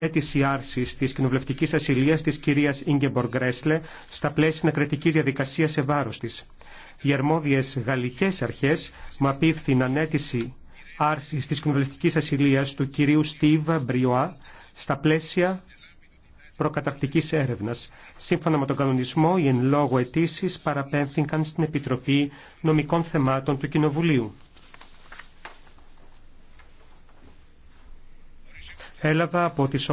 αίτηση άρση τη κοινοβουλευτική ασυλία τη κυρία Ίγκεμπορ Γκρέσλε στα πλαίσια κριτική διαδικασία σε βάρο τη. Οι αρμόδιε γαλλικέ αρχέ μου απίφθηναν αίτηση άρση τη κοινοβουλευτική ασυλία του κυρίου Στίβα Μπριούα στα πλαίσια προκαταρκτική έρευνα. Σύμφωνα με τον κανονισμό, οι εν λόγω αιτήσει παραπέμφθηκαν στην Επιτροπή Νομικών Θεμάτων του Κοινοβουλίου. Έλαβα από